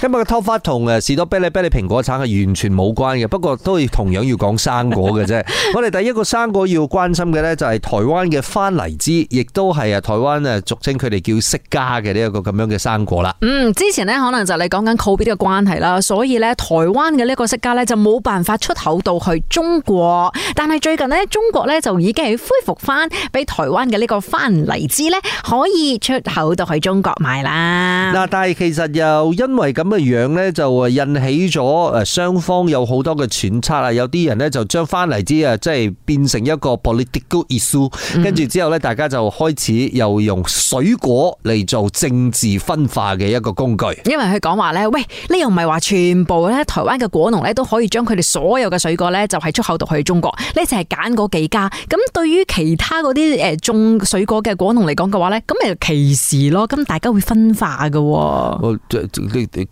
今日嘅 Top Five 同士多啤梨、啤梨、蘋果橙係完全冇關嘅，不過都係同樣要講生果嘅啫。我哋第一個生果要關心嘅呢，就係台灣嘅番荔枝，亦都係啊台灣啊俗稱佢哋叫釋迦嘅呢一個咁樣嘅生果啦。嗯，之前呢，可能就你講緊 Covid 嘅關係啦，所以呢，台灣嘅呢一個釋迦咧就冇辦法出口到去中國，但係最近呢，中國呢就已經係恢復翻，俾台灣嘅呢個番荔枝呢可以出口到去中國賣啦。嗱，但係其實又因為咁樣咁嘅樣咧，就啊引起咗誒雙方有好多嘅揣測啊。有啲人咧就將翻嚟啲啊，即係變成一個 political issue，跟住之後咧，大家就開始又用水果嚟做政治分化嘅一個工具。因為佢講話咧，喂，你又唔係話全部咧，台灣嘅果農咧都可以將佢哋所有嘅水果咧，就喺出口到去中國。你淨係揀嗰幾家，咁對於其他嗰啲誒種水果嘅果農嚟講嘅話咧，咁咪就歧視咯？咁大家會分化嘅。哦，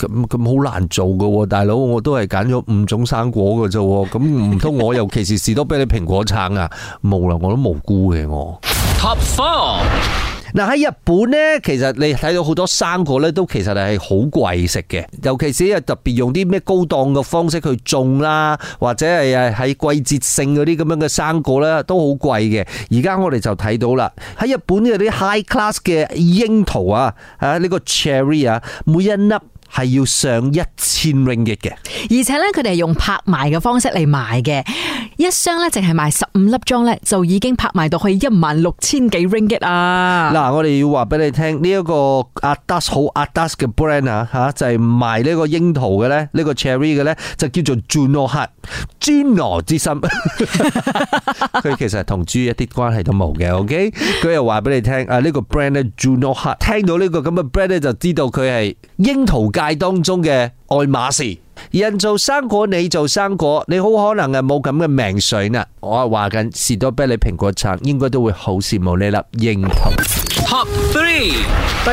咁好難做噶，大佬我都係揀咗五種生果噶啫，咁唔通我又歧視士多啤梨、蘋果橙啊？冇啦，我都無辜嘅我。Top four，嗱喺日本呢，其實你睇到好多生果咧，都其實係好貴食嘅，尤其是特別用啲咩高檔嘅方式去種啦，或者係係喺季節性嗰啲咁樣嘅生果咧，都好貴嘅。而家我哋就睇到啦，喺日本有啲 high class 嘅櫻桃啊，啊、這、呢個 cherry 啊，每一粒。係要上一千 ringgit 嘅，而且咧，佢哋係用拍賣嘅方式嚟賣嘅，一箱咧淨係賣十五粒裝咧就已經拍賣到去一萬六千幾 ringgit 啊！嗱，我哋要話俾你聽，呢一個阿 Das 好阿 Das 嘅 brand 啊吓，就係賣呢個櫻桃嘅咧，呢個 Cherry 嘅咧就叫做 Juno Heart，朱諾之心。佢 其實同豬一啲關係都冇嘅，OK？佢又話俾你聽，啊呢個 brand 咧 Juno Heart，聽到呢個咁嘅 brand 咧就知道佢係。櫻桃界當中嘅愛馬仕。人做生果，你做生果，你好可能係冇咁嘅命水啦。我係話緊士多啤梨蘋果橙，應該都會好羨慕呢粒櫻桃。Top three，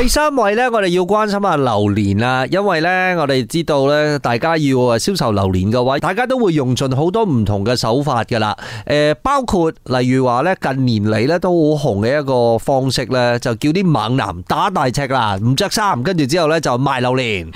第三位咧，我哋要關心下榴蓮啦，因為咧我哋知道咧，大家要銷售榴蓮嘅話，大家都會用盡好多唔同嘅手法噶啦。誒，包括例如話咧，近年嚟咧都好紅嘅一個方式咧，就叫啲猛男打大尺啦，唔着衫，跟住之後咧就賣榴蓮。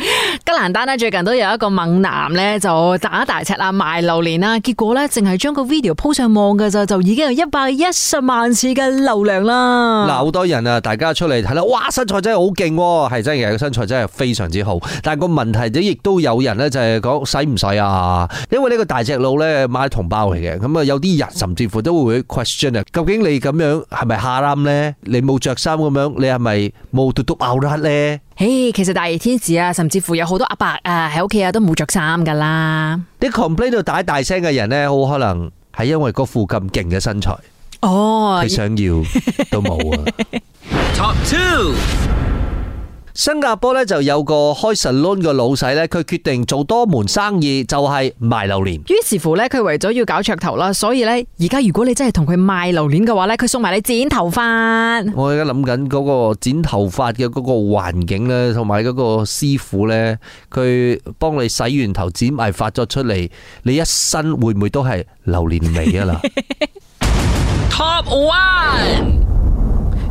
蘭丹咧，最近都有一個猛男咧，就打大尺啊，賣榴蓮啦，結果咧，淨係將個 video 鋪上網嘅咋，就已經有一百一十萬次嘅流量啦。嗱，好多人啊，大家出嚟睇啦，哇，身材真係好勁，係真嘅，個身材真係非常之好。但係個問題就亦都有人咧，就係講使唔使啊？因為呢個大隻佬咧，買同胞嚟嘅，咁啊有啲人甚至乎都會 question 啊，究竟你咁樣係咪下暗咧？你冇着衫咁樣，你係咪冇嘟嘟 outlet 咧？誒，hey, 其實大熱天時啊，甚至乎有好多阿伯啊喺屋企啊都冇着衫噶啦。啲 complain 到大大聲嘅人咧，好可能係因為嗰副咁勁嘅身材，哦，佢想要都冇啊。 Top two。新加坡咧就有個開沙龍嘅老細咧，佢決定做多門生意，就係賣榴蓮。於是乎咧，佢為咗要搞噱頭啦，所以咧，而家如果你真係同佢買榴蓮嘅話咧，佢送埋你剪頭髮。我而家諗緊嗰個剪頭髮嘅嗰個環境咧，同埋嗰個師傅咧，佢幫你洗完頭剪埋發咗出嚟，你一身會唔會都係榴蓮味啊啦？Top one。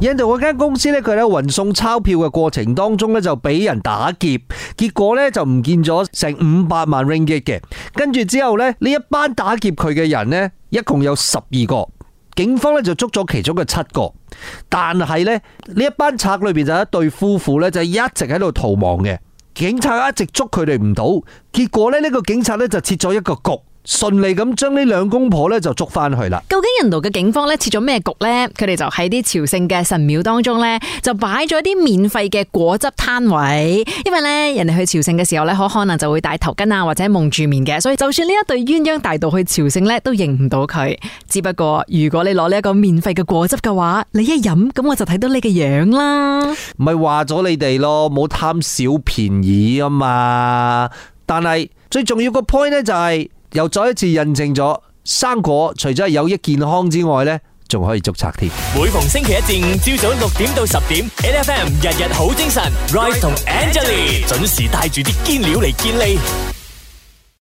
印度嗰間公司咧，佢喺運送鈔票嘅過程當中咧就俾人打劫，結果咧就唔見咗成五百萬 ringgit 嘅。跟住之後咧，呢一班打劫佢嘅人呢，一共有十二個，警方咧就捉咗其中嘅七個，但係咧呢一班賊裏邊就有一對夫婦咧就一直喺度逃亡嘅，警察一直捉佢哋唔到，結果咧呢個警察咧就設咗一個局。順利咁將呢兩公婆咧就捉翻去啦。究竟印度嘅警方咧設咗咩局呢？佢哋就喺啲朝聖嘅神廟當中呢，就擺咗啲免費嘅果汁攤位。因為呢，人哋去朝聖嘅時候呢，可可能就會戴頭巾啊或者蒙住面嘅，所以就算呢一對鴛鴦大盜去朝聖呢，都認唔到佢。只不過如果你攞呢一個免費嘅果汁嘅話，你一飲咁我就睇到你嘅樣啦。唔係話咗你哋咯，冇貪小便宜啊嘛。但係最重要個 point 呢，就係、是。又再一次印證咗，生果除咗係有益健康之外，咧仲可以捉賊添。每逢星期一至五朝早六點到十點 n F M 日日好精神，Rise 同 Angelina 準時帶住啲堅料嚟健利。